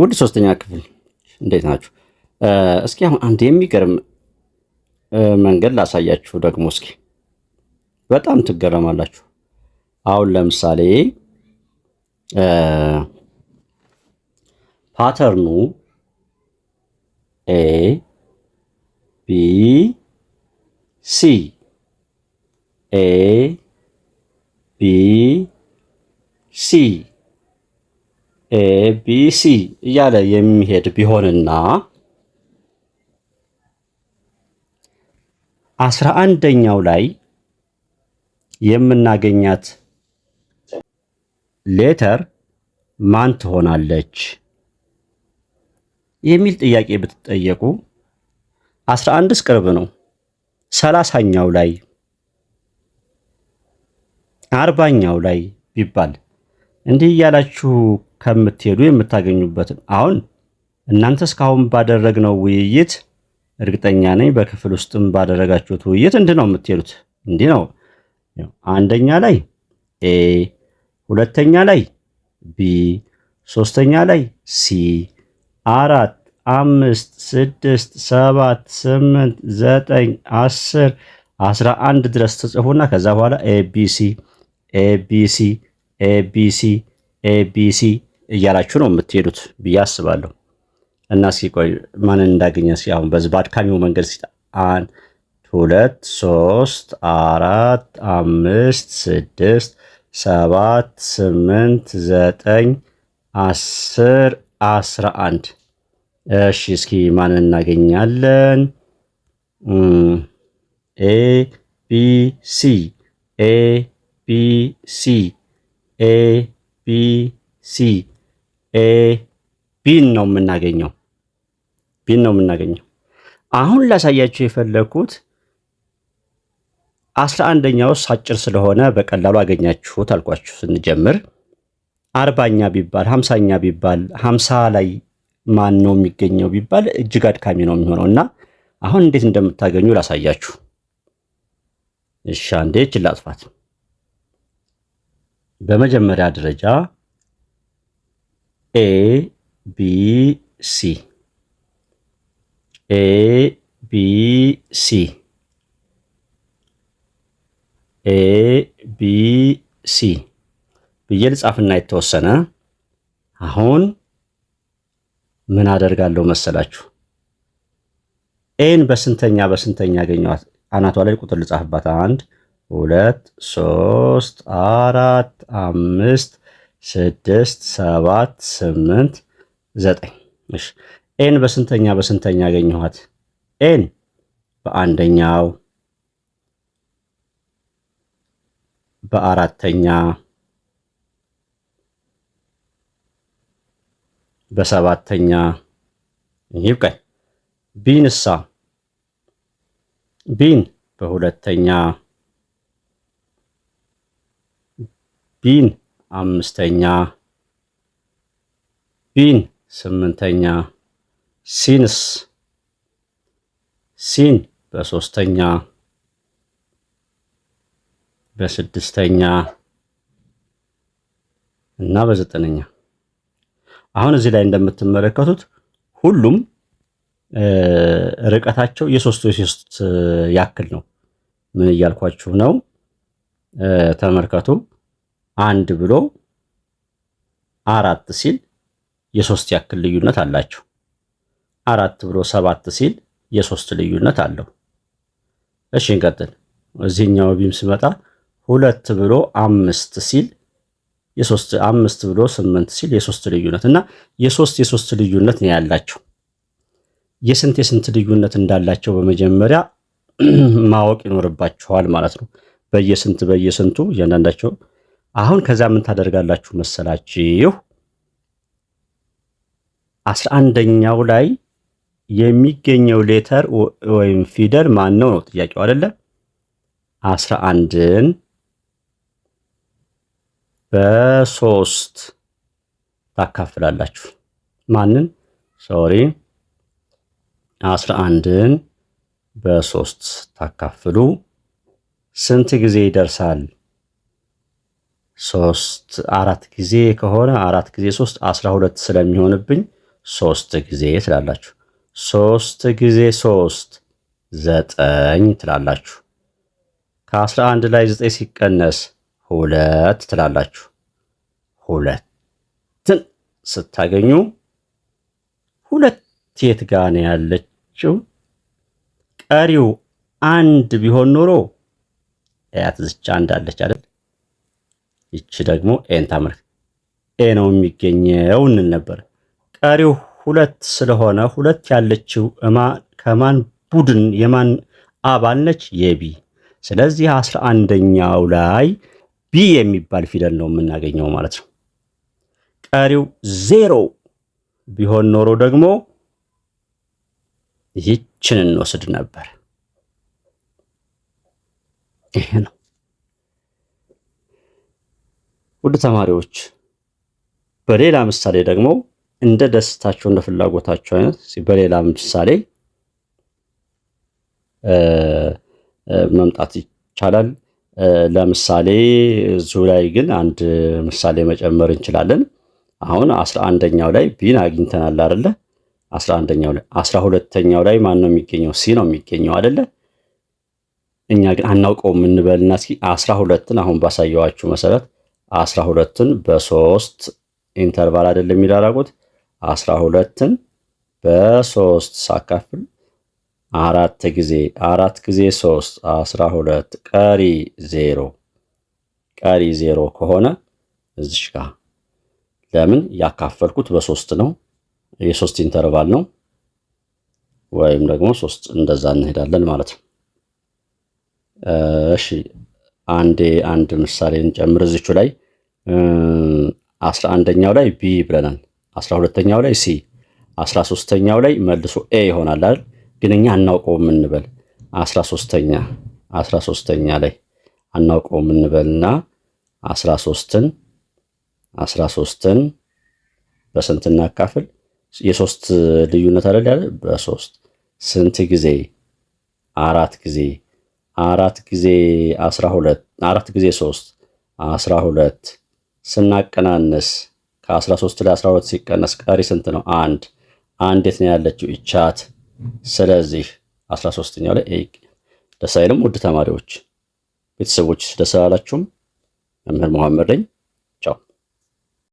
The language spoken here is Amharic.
ውድ ሶስተኛ ክፍል እንዴት ናችሁ? እስኪ አሁን አንድ የሚገርም መንገድ ላሳያችሁ። ደግሞ እስኪ በጣም ትገረማላችሁ። አሁን ለምሳሌ ፓተርኑ ኤ ቢ ሲ ኤ ቢ ሲ ኤቢሲ እያለ የሚሄድ ቢሆንና አስራ አንደኛው ላይ የምናገኛት ሌተር ማን ትሆናለች የሚል ጥያቄ ብትጠየቁ አስራ አንድስ ቅርብ ነው። ሰላሳኛው ላይ አርባኛው ላይ ቢባል እንዲህ እያላችሁ ከምትሄዱ የምታገኙበትን። አሁን እናንተ እስካሁን ባደረግነው ውይይት እርግጠኛ ነኝ በክፍል ውስጥም ባደረጋችሁት ውይይት እንዲህ ነው የምትሄዱት። እንዲህ ነው አንደኛ ላይ ኤ፣ ሁለተኛ ላይ ቢ፣ ሶስተኛ ላይ ሲ፣ አራት፣ አምስት፣ ስድስት፣ ሰባት፣ ስምንት፣ ዘጠኝ፣ አስር፣ አስራ አንድ ድረስ ትጽፉና ከዛ በኋላ ኤቢሲ ኤቢሲ ኤቢሲ ኤቢሲ እያላችሁ ነው የምትሄዱት ብዬ አስባለሁ። እና እስኪ ቆይ ማንን እንዳገኘ እስኪ አሁን በዚህ በአድካሚው መንገድ ሲ አንድ ሁለት ሶስት አራት አምስት ስድስት ሰባት ስምንት ዘጠኝ አስር አስራ አንድ እሺ እስኪ ማንን እናገኛለን? ኤ ቢ ሲ ኤ ቢ ሲ ኤ ቢ ሲ ኤ ቢን ነው የምናገኘው። ቢን ነው የምናገኘው። አሁን ላሳያችሁ የፈለግኩት አስራ አንደኛው ውስጥ አጭር ስለሆነ በቀላሉ አገኛችሁት አልኳችሁ። ስንጀምር አርባኛ ቢባል ሀምሳኛ ቢባል ሀምሳ ላይ ማን ነው የሚገኘው ቢባል እጅግ አድካሚ ነው የሚሆነው እና አሁን እንዴት እንደምታገኙ ላሳያችሁ። እሺ አንዴ ችላ በመጀመሪያ ደረጃ ኤ ቢ ሲ ኤ ቢ ሲ ኤ ቢ ሲ ብዬ ልጻፍና የተወሰነ አሁን ምን አደርጋለሁ መሰላችሁ? ኤን በስንተኛ በስንተኛ ያገኘዋት አናቷ ላይ ቁጥር ልጻፍባት። አንድ ሁለት ሶስት አራት አምስት ስድስት ሰባት ስምንት ዘጠኝ። እሺ ኤን በስንተኛ በስንተኛ ያገኘኋት? ኤን በአንደኛው በአራተኛ በሰባተኛ ይብቃኝ። ቢን እሳ ቢን በሁለተኛ ቢን አምስተኛ፣ ቢን ስምንተኛ፣ ሲንስ ሲን በሶስተኛ በስድስተኛ እና በዘጠነኛ። አሁን እዚህ ላይ እንደምትመለከቱት ሁሉም ርቀታቸው የሶስት የሶስት ያክል ነው። ምን እያልኳችሁ ነው? ተመልከቱ። አንድ ብሎ አራት ሲል የሶስት ያክል ልዩነት አላቸው። አራት ብሎ ሰባት ሲል የሶስት ልዩነት አለው። እሺ እንቀጥል። እዚህኛው ቢም ስመጣ ሁለት ብሎ አምስት ሲል የሶስት አምስት ብሎ ስምንት ሲል የሶስት ልዩነት እና የሶስት የሶስት ልዩነት ነው ያላቸው። የስንት የስንት ልዩነት እንዳላቸው በመጀመሪያ ማወቅ ይኖርባችኋል ማለት ነው። በየስንት በየስንቱ እያንዳንዳቸው አሁን ከዛ ምን ታደርጋላችሁ መሰላችሁ? አስራ አንደኛው ላይ የሚገኘው ሌተር ወይም ፊደል ማን ነው ነው ጥያቄው አይደለ? አስራ አንድን በሶስት ታካፍላላችሁ። ማንን? ሶሪ አስራ አንድን በሶስት ታካፍሉ ስንት ጊዜ ይደርሳል? ሶስት አራት ጊዜ ከሆነ አራት ጊዜ ሶስት አስራ ሁለት ስለሚሆንብኝ ሶስት ጊዜ ትላላችሁ። ሶስት ጊዜ ሶስት ዘጠኝ ትላላችሁ። ከአስራ አንድ ላይ ዘጠኝ ሲቀነስ ሁለት ትላላችሁ። ሁለትን ስታገኙ ሁለት የት ጋነ ነው ያለችው? ቀሪው አንድ ቢሆን ኖሮ ያት ዝቻ አንዳለች አይደል? ይቺ ደግሞ ኤን ታመልክ ኤ ነው የሚገኘው እንል ነበር። ቀሪው ሁለት ስለሆነ ሁለት ያለችው ከማን ቡድን የማን አባል ነች? የቢ። ስለዚህ አስራ አንደኛው ላይ ቢ የሚባል ፊደል ነው የምናገኘው ማለት ነው። ቀሪው ዜሮ ቢሆን ኖሮ ደግሞ ይህችን እንወስድ ነበር። ይሄ ነው። ውድ ተማሪዎች በሌላ ምሳሌ ደግሞ እንደ ደስታቸው እንደ ፍላጎታቸው አይነት በሌላ ምሳሌ መምጣት ይቻላል። ለምሳሌ እዚሁ ላይ ግን አንድ ምሳሌ መጨመር እንችላለን። አሁን አስራ አንደኛው ላይ ቢን አግኝተናል አይደለ? አስራ አንደኛው ላይ አስራ ሁለተኛው ላይ ማን ነው የሚገኘው? ሲ ነው የሚገኘው አይደለ? እኛ ግን አናውቀውም እንበልና እስኪ አስራ ሁለትን አሁን ባሳየዋችሁ መሰረት አስራ ሁለትን በሶስት ኢንተርቫል አይደለም የሚዳራጉት አስራ ሁለትን በሶስት ሳካፍል አራት ጊዜ አራት ጊዜ ሶስት አስራ ሁለት ቀሪ ዜሮ ቀሪ ዜሮ ከሆነ እዚሽ ጋር ለምን ያካፈልኩት በሶስት ነው፣ የሶስት ኢንተርቫል ነው ወይም ደግሞ ሶስት እንደዛ እንሄዳለን ማለት ነው። እሺ አንዴ አንድ ምሳሌን ጨምር እዚቹ ላይ አስራ አንደኛው ላይ ቢ ብለናል። አስራ ሁለተኛው ላይ ሲ፣ አስራ ሶስተኛው ላይ መልሶ ኤ ይሆናል አይደል? ግን እኛ አናውቀውም እንበል አስራ ሶስተኛ አስራ ሶስተኛ ላይ አናውቀውም እንበልና አስራ ሶስትን አስራ ሶስትን በስንት እናካፍል? የሶስት ልዩነት አይደል? በሶስት ስንት ጊዜ? አራት ጊዜ አራት ጊዜ አስራ ሁለት አራት ጊዜ ሶስት አስራ ሁለት ስናቀናነስ ከአስራ ሶስት ላይ አስራ ሁለት ሲቀነስ ቀሪ ስንት ነው? አንድ አንድ የት ነው ያለችው? ይቻት። ስለዚህ አስራ ሶስተኛው ላይ ደስ አይልም? ውድ ተማሪዎች ቤተሰቦች ደስ አላችሁም? መምህር መሐመድ ነኝ።